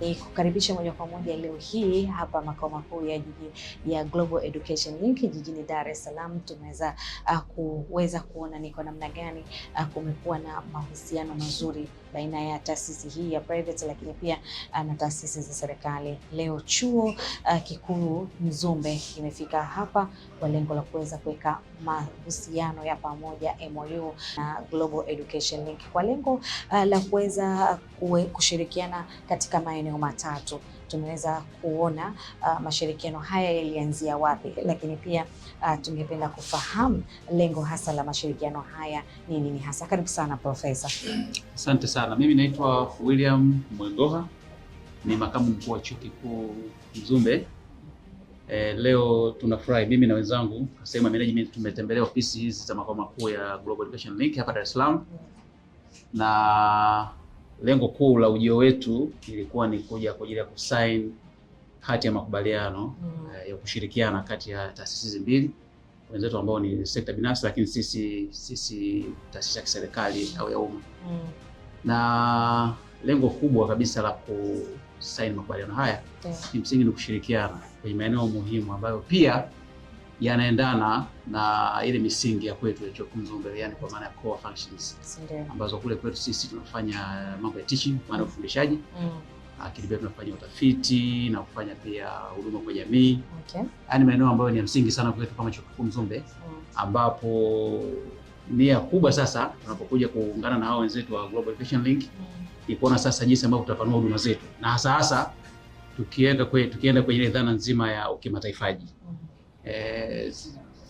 ni kukaribisha moja kwa moja leo hii hapa makao makuu ya jiji ya Global Education Link jijini Dar es Salaam. Tumeweza uh, kuweza kuona ni kwa namna gani uh, kumekuwa na mahusiano mazuri baina ya taasisi hii ya private lakini pia uh, na taasisi za serikali. Leo chuo uh, kikuu Mzumbe kimefika hapa kwa lengo la kuweza kuweka mahusiano ya pamoja MOU na Global Education Link kwa lengo uh, la kuweza kushirikiana katika maeneo matatu tumeweza kuona uh, mashirikiano haya yalianzia wapi, lakini pia uh, tungependa kufahamu lengo hasa la mashirikiano haya ni nini hasa. Karibu sana Profesa. Asante sana. Mimi naitwa William Mwengoha, ni makamu mkuu wa chuo kikuu Mzumbe. Eh, leo tunafurahi mimi na wenzangu kasema management tumetembelea ofisi hizi za makao makuu ya Global Education Link hapa Dar es Salaam na lengo kuu la ujio wetu ilikuwa ni kuja kwa ajili ya kusign hati ya makubaliano mm. Eh, ya kushirikiana kati ya taasisi hizi mbili, wenzetu ambao ni sekta binafsi, lakini sisi sisi taasisi ya kiserikali au ya umma mm. na lengo kubwa kabisa la ku makubaliano haya yeah. Kimsingi ni kushirikiana kwenye maeneo muhimu ambayo pia yanaendana na ile misingi ya kwetu ilichofunzwa yani kwa maana ya core functions ambazo kule kwetu sisi tunafanya mambo ya teaching, maana ufundishaji mm. Lakini pia tunafanya utafiti na kufanya pia huduma kwa jamii okay. yani maeneo ambayo ni ya msingi sana kwetu kama chuo kikuu Mzumbe mm. ambapo nia kubwa sasa tunapokuja kuungana na hao wenzetu wa Global Education Link mm. ni kuona sasa jinsi ambavyo tutapanua huduma zetu na hasa hasa tukienda kwenye dhana nzima ya ukimataifaji mm eh,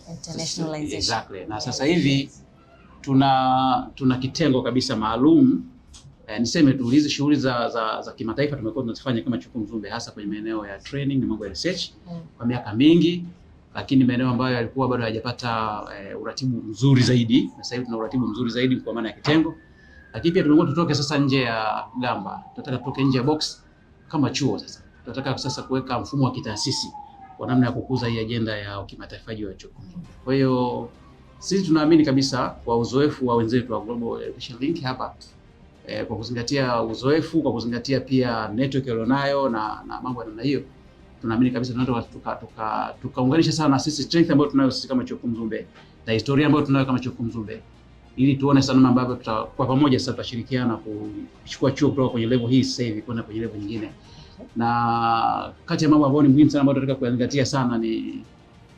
internationalization. Exactly. Na sasa hivi tuna tuna kitengo kabisa maalum eh, niseme tu hizi shughuli za, za, za kimataifa tumekuwa tunazifanya kama Chuku Mzumbe hasa kwenye maeneo ya training na mambo ya research mm. kwa miaka mingi, lakini maeneo ambayo yalikuwa bado hayajapata eh, uratibu mzuri zaidi, na sasa hivi tuna uratibu mzuri zaidi kwa maana ya kitengo, lakini pia tumekuwa tutoke sasa nje ya gamba, tunataka tutoke nje ya box kama chuo sasa tunataka sasa kuweka mfumo wa kitaasisi kwa namna ya kukuza hii ajenda ya ukimataifaji ya uchumi. Kwa hiyo sisi tunaamini kabisa kwa uzoefu wa wenzetu wa Global Education Link hapa eh, kwa kuzingatia uzoefu, kwa kuzingatia pia network walionayo na, na mambo ya namna hiyo, tunaamini kabisa tunaweza tukaunganisha tuka, tuka sana sisi strength ambayo tunayo sisi kama chuo kikuu Mzumbe na historia ambayo tunayo kama chuo kikuu Mzumbe ili tuone sana namna ambavyo tutakuwa pamoja sasa, tutashirikiana kuchukua chuo kutoka kwenye level hii sasa hivi kwenda kwenye level nyingine na kati ya mambo ambayo ni muhimu sana ambayo tunataka kuyazingatia sana ni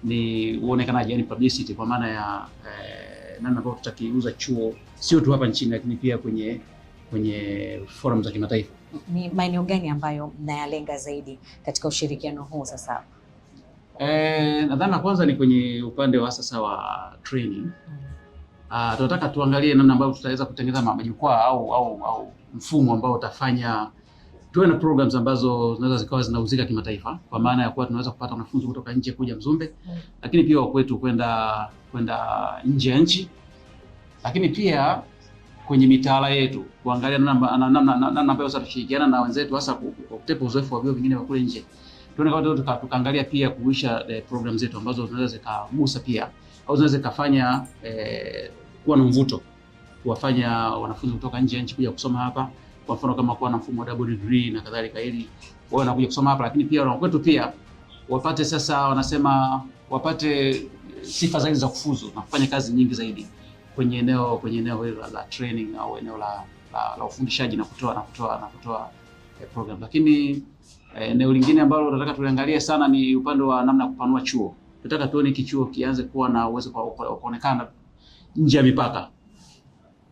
ni uonekanaji, yani publicity, kwa maana ya eh, namna ambayo tutakiuza chuo sio tu hapa nchini, lakini pia kwenye kwenye forum za kimataifa. Ni maeneo gani ambayo mnayalenga zaidi katika ushirikiano huu sasa? Eh, nadhani kwanza ni kwenye upande wa sasa wa training. Uh, tunataka tuangalie namna ambayo tutaweza kutengeneza majukwaa au, au, au mfumo ambao utafanya tuwe na programs ambazo zinaweza zikawa zinauzika kimataifa kwa maana ya kuwa tunaweza kupata wanafunzi kutoka nje kuja Mzumbe mm. lakini pia wakwetu kwenda kwenda nje ya nchi, lakini pia kwenye mitaala yetu kuangalia namna namna ambayo sasa tushirikiana na wenzetu hasa kwa kutepa uzoefu wa vyuo vingine vya kule nje, tuone tukaangalia pia kuisha eh, programs zetu ambazo zinaweza zikagusa pia au zinaweza zikafanya eh, kuwa na mvuto kuwafanya wanafunzi kutoka nje ya nchi kuja kusoma hapa kwa mfano kama kuwa na mfumo wa double degree na kadhalika, ili wao wanakuja kusoma hapa, lakini pia wanakwetu pia wapate sasa, wanasema wapate sifa zaidi za kufuzu na kufanya kazi nyingi zaidi kwenye eneo kwenye eneo hilo la training au eneo la, la, la ufundishaji na kutoa na kutoa na kutoa eh, program. Lakini eh, eneo eh, lingine ambalo tunataka tuliangalie sana ni upande wa namna kupanua chuo. Tunataka tuone kichuo kianze kuwa na uwezo wa kuonekana nje ya mipaka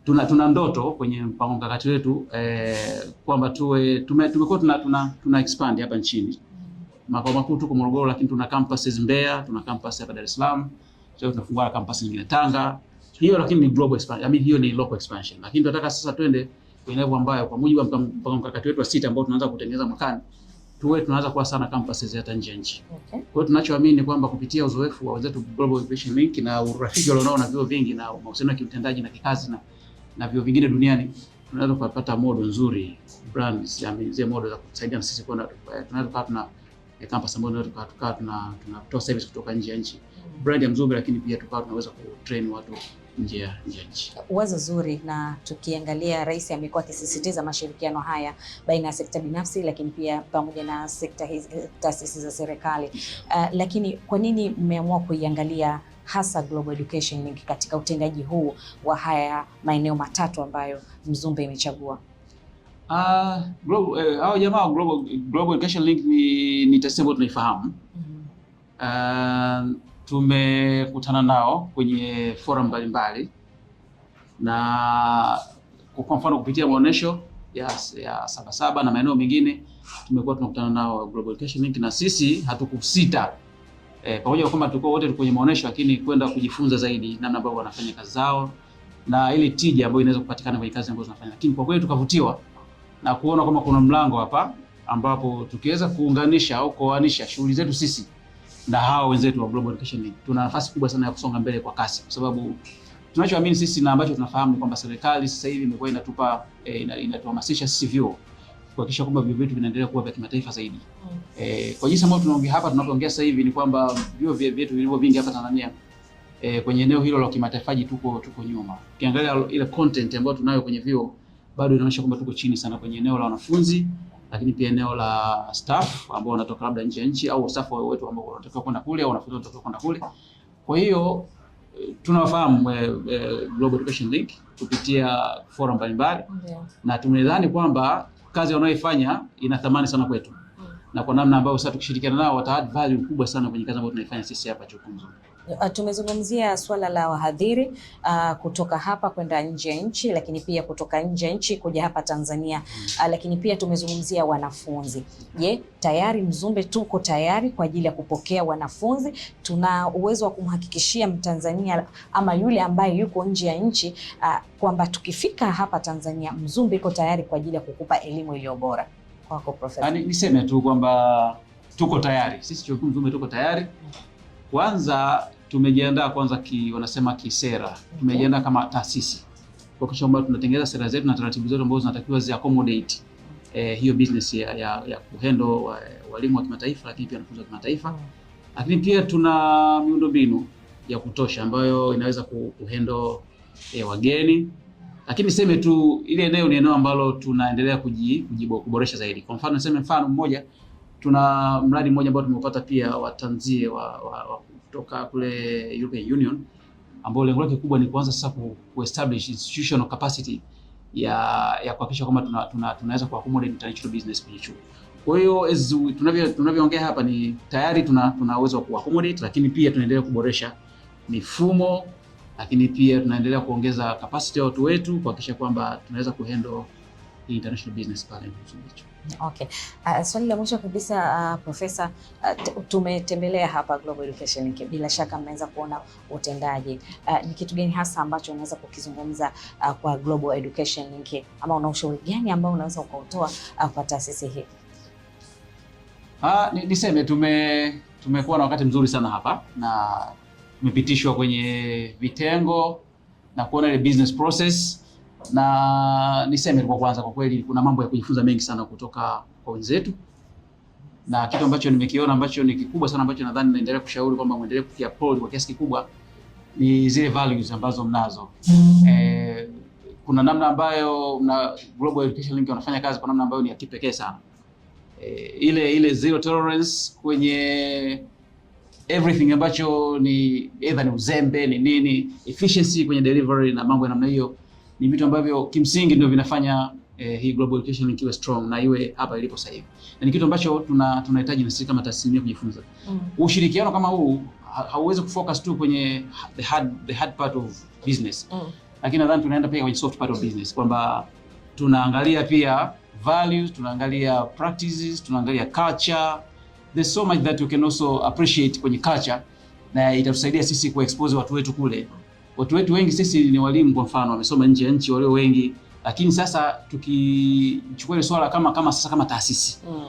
tuna, tuna ndoto kwenye mpango mkakati wetu eh, kwamba tuwe tumekuwa tuna, tuna, tuna expand hapa nchini. Makao makuu tuko Morogoro, lakini tuna campuses Mbeya, tuna campus hapa Dar es Salaam, sasa tunafungua campus nyingine Tanga. Hiyo lakini ni global expansion, I mean hiyo ni local expansion, lakini tunataka sasa twende kwenye level ambayo kwa mujibu wa mpango mkakati wetu wa sita ambao tunaanza kutengeneza mwakani tuwe tunaanza kuwa sana campuses hata nje nje. Okay. Kwa hiyo tunachoamini kwamba kupitia uzoefu wa wenzetu Global Innovation Link na urafiki walionao na vyuo vingi na mahusiano ya kiutendaji na kikazi na na vyuo vingine duniani tunaweza kupata modo nzuri brands, zile modo za kusaidia na sisi kwenda, tunaweza kuwa tuna eh, campus ambayo tunaweza kupata tukawa tuna tunatoa service kutoka nje ya nchi, mm-hmm. brand ya Mzumbe, lakini pia tukawa tunaweza ku train watu nje ya nchi. Wazo zuri. Na tukiangalia, Rais amekuwa akisisitiza mashirikiano haya baina ya sekta binafsi, lakini pia pamoja na sekta hizi taasisi za serikali. Uh, lakini kwa nini mmeamua kuiangalia hasa Global Education Link katika utendaji huu wa haya maeneo matatu ambayo Mzumbe imechagua? Uh, uh, jamaa Global, Global Education Link ni, ni taasisi ambayo tunaifahamu. mm -hmm. uh, tumekutana nao kwenye forum mbalimbali na kwa mfano kupitia maonesho ya Sabasaba na maeneo mengine tumekuwa tunakutana nao Global Education Link, na sisi hatukusita eh, pamoja kwamba tulikuwa wote kwenye maonesho, lakini kwenda kujifunza zaidi namna ambavyo wanafanya kazi zao na ile tija ambayo inaweza kupatikana kwenye kazi ambazo zinafanya. Lakini kwa kweli tukavutiwa na kuona kwamba kuna mlango hapa ambapo tukiweza kuunganisha au kuoanisha shughuli zetu sisi na hawa wenzetu wa Global Education League, tuna nafasi kubwa sana ya kusonga mbele kwa kasi, kwa sababu tunachoamini sisi na ambacho tunafahamu kwamba serikali sasa hivi imekuwa inatupa eh, inatuhamasisha sisi vyuo kuhakikisha kwamba vyuo vyetu vinaendelea kuwa vya kimataifa zaidi. Mm. Eh, kwa jinsi ambavyo tunaongea hapa tunapoongea sasa hivi ni kwamba vyuo vyetu vilivyo vingi hapa Tanzania eh, kwenye eneo hilo la kimataifaji tuko tuko nyuma. Ukiangalia ile content ambayo tunayo kwenye vyuo bado inaonyesha kwamba tuko chini sana kwenye eneo la wanafunzi, lakini pia eneo la staff ambao wanatoka labda nje ya nchi au staff wetu ambao wanatoka kwenda kule au wanafunzi wanatoka kwenda kule. Kwa hiyo eh, tunawafahamu eh, eh, Global Education Link kupitia forum mbalimbali yeah. Na tumedhani kwamba kazi wanayoifanya ina thamani sana kwetu na kwa namna ambayo sasa tukishirikiana nao wata add value kubwa sana kwenye kazi ambayo tunaifanya sisi hapa Chukunzu. Ah, tumezungumzia swala la wahadhiri uh, kutoka hapa kwenda nje ya nchi, lakini pia kutoka nje ya nchi kuja hapa Tanzania uh, lakini pia tumezungumzia wanafunzi. Je, tayari Mzumbe tuko tayari kwa ajili ya kupokea wanafunzi? Tuna uwezo wa kumhakikishia Mtanzania ama yule ambaye yuko nje ya nchi uh, kwamba tukifika hapa Tanzania Mzumbe iko tayari kwa ajili ya kukupa elimu iliyo bora? Kwako Profesa. Niseme tu kwamba tuko tayari sisi, chuo kikuu Mzumbe tuko tayari hmm. Kwanza tumejiandaa kwanza ki, wanasema kisera, tumejiandaa kama taasisi kuhakikisha kwamba tunatengeneza sera zetu na taratibu zetu ambazo zinatakiwa zi accommodate eh, hiyo business ya, ya, ya kuhendo walimu wa, kimataifa lakini pia wanafunzi wa kimataifa, lakini pia tuna miundombinu ya kutosha ambayo inaweza kuhendo eh, wageni lakini niseme tu ile eneo ni eneo ambalo tunaendelea kujiboresha zaidi. Kwa mfano niseme mfano mmoja Tuna mradi mmoja ambao tumeupata pia watanzie wa, wa, wa kutoka kule European Union ambao lengo lake kubwa ni kuanza sasa ku, ku establish institutional capacity ya ya kuhakikisha kwamba tuna, tuna, tunaweza ku accommodate international business kwenye chuo. Kwa hiyo tunavyo tunavyoongea hapa ni tayari tuna tuna uwezo wa ku accommodate, lakini pia tunaendelea kuboresha mifumo, lakini pia tunaendelea kuongeza capacity ya watu wetu kuhakikisha kwamba tunaweza kuhandle international business pale Msumbiji. Okay. Uh, swali la mwisho kabisa uh, Profesa uh, tumetembelea hapa Global Education bila shaka mmeweza kuona utendaji uh, ni kitu gani hasa ambacho unaweza kukizungumza uh, kwa Global Education Link ama una ushauri gani ambao unaweza ukautoa uh, kwa taasisi hii? ni, niseme tume tumekuwa na wakati mzuri sana hapa na tumepitishwa kwenye vitengo na kuona ile business process na niseme kwa kwanza, kwa kweli kuna mambo ya kujifunza mengi sana kutoka kwa wenzetu, na kitu ambacho nimekiona ambacho ni kikubwa sana ambacho nadhani naendelea kushauri kwamba muendelee kukiupload kwa kiasi kikubwa ni zile values ambazo mnazo. Mm. Eh, kuna namna ambayo na Global Education Link wanafanya kazi kwa namna ambayo ni ya kipekee sana. Eh, ile ile zero tolerance kwenye everything ambacho ni either ni uzembe ni nini, efficiency kwenye delivery na mambo ya namna hiyo ni vitu ambavyo kimsingi ndio vinafanya eh, hii global education ikiwe strong na iwe hapa ilipo sasa hivi, na ni kitu ambacho tuna tunahitaji na sisi kama taasisi kujifunza. Mm. Ushirikiano kama huu hauwezi kufocus tu kwenye the hard, the hard part of business. Mm. Lakini nadhani tunaenda pia kwenye soft part of business kwamba tunaangalia pia values, tunaangalia practices, tunaangalia culture. There's so much that you can also appreciate kwenye culture na itatusaidia sisi kuexpose watu wetu kule watu wetu wengi sisi ni walimu, kwa mfano wamesoma nje ya nchi walio wengi, lakini sasa tukichukua ile swala kama kama sasa kama taasisi mm.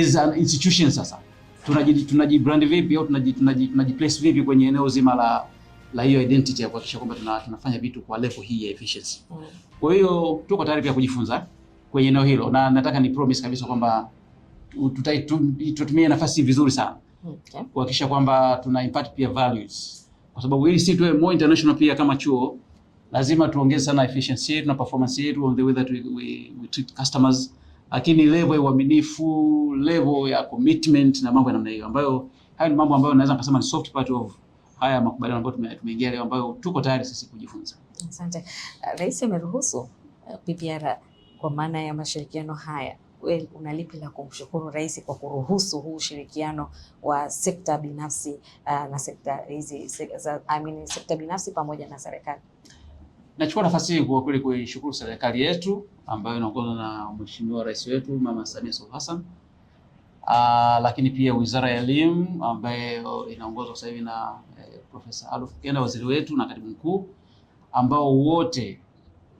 as an institution sasa tunaji tunaji brand vipi au tunaji tunaji tunaji place vipi kwenye eneo zima la la hiyo identity ya kuhakikisha kwamba tuna, tunafanya vitu kwa level hii ya efficiency mm. Kwa hiyo tuko tayari pia kujifunza kwenye eneo hilo, na nataka ni promise kabisa kwamba tutatumia nafasi vizuri sana mm, okay, kuhakikisha kwamba tuna impact pia values kwa sababu ili si tuwe more international pia kama chuo lazima tuongeze sana efficiency yetu na performance yetu on the way that we, we, we treat customers, lakini level ya uaminifu, level ya commitment na mambo ya namna hiyo, ambayo hayo ni mambo ambayo naweza nikasema ni soft part of haya makubaliano ambayo tumeingia leo, ambayo tuko tayari sisi kujifunza. Asante. Rais ameruhusu PPR eh, kwa maana ya mashirikiano haya una lipi la kumshukuru Rais kwa kuruhusu huu ushirikiano wa sekta binafsi uh, na sekta hizi sekta, I mean, sekta binafsi pamoja na serikali? Nachukua nafasi hii kwa kweli kuishukuru serikali yetu ambayo inaongozwa na Mheshimiwa Rais wetu Mama Samia Suluhu Hassan. Uh, lakini pia Wizara ya Elimu ambayo inaongozwa sasa hivi na eh, Profesa Adolf Kenda waziri wetu na katibu mkuu ambao wote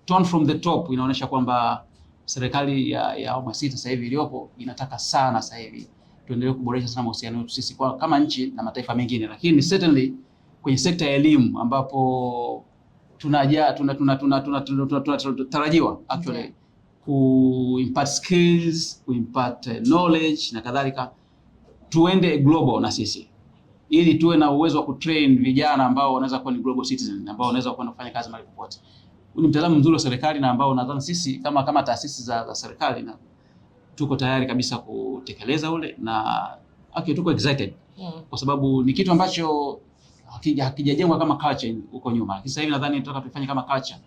tone from the top inaonyesha kwamba serikali ya, ya awamu ya sita sasa hivi iliyopo inataka sana sasa hivi tuendelee kuboresha sana mahusiano yetu sisi kwa kama nchi na mataifa mengine, lakini certainly kwenye sekta ya elimu ambapo tunaja tarajiwa actually impart skills, impart knowledge na kadhalika, tuende global na sisi ili tuwe na uwezo wa kutrain vijana ambao wanaweza kuwa ni global citizen ambao wanaweza kuwa kufanya kazi mahali popote ni mtaalamu mzuri wa serikali na ambao nadhani sisi kama kama taasisi za, za serikali na tuko tayari kabisa kutekeleza ule na okay, tuko excited mm. kwa sababu ni kitu ambacho hakijajengwa kama culture huko nyuma. Sasa hivi nadhani tunataka tufanye kama culture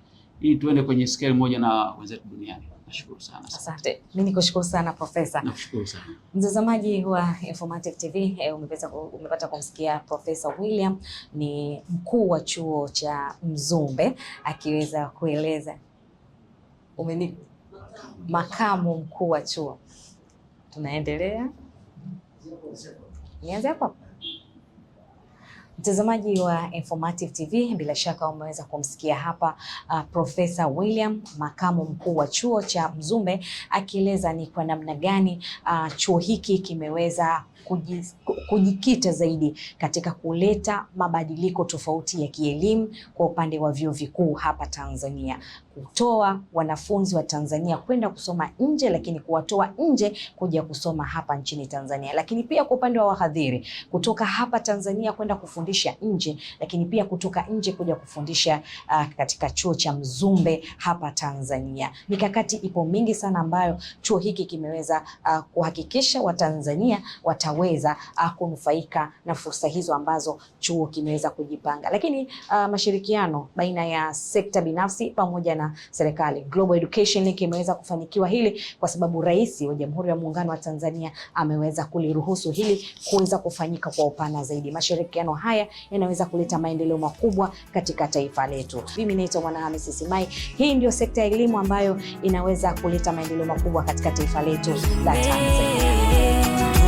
ili tuende kwenye scale moja na wenzetu duniani. Nashukuru sana. Asante. Mimi nikushukuru sana Profesa. Nashukuru sana. Mtazamaji wa Informative TV e, eh, umepata, umepata kumsikia Profesa William ni mkuu wa chuo cha Mzumbe akiweza kueleza umeni makamu mkuu wa chuo. Tunaendelea. Nianze hapo. Mtazamaji wa Informative TV, bila shaka umeweza kumsikia hapa uh, Profesa William, makamu mkuu wa chuo cha Mzumbe, akieleza ni kwa namna gani uh, chuo hiki kimeweza kujikita zaidi katika kuleta mabadiliko tofauti ya kielimu kwa upande wa vyuo vikuu hapa Tanzania kutoa wanafunzi wa Tanzania kwenda kusoma nje, lakini kuwatoa nje kuja kusoma hapa nchini Tanzania. Lakini pia kwa upande wa wahadhiri kutoka hapa Tanzania kwenda kufundisha nje, lakini pia kutoka nje kuja kufundisha uh, katika chuo cha Mzumbe hapa Tanzania. Mikakati ipo mingi sana ambayo chuo hiki kimeweza uh, kuhakikisha Watanzania wataweza uh, kunufaika na fursa hizo ambazo chuo kimeweza kujipanga. Lakini uh, mashirikiano baina ya sekta binafsi pamoja na na serikali. Global Education Link imeweza kufanikiwa hili kwa sababu Rais wa Jamhuri ya Muungano wa Tanzania ameweza kuliruhusu hili kuweza kufanyika kwa upana zaidi. Mashirikiano haya yanaweza kuleta maendeleo makubwa katika taifa letu. Mimi naitwa Hamisi Simai. Hii ndio sekta ya elimu ambayo inaweza kuleta maendeleo makubwa katika taifa letu la Tanzania.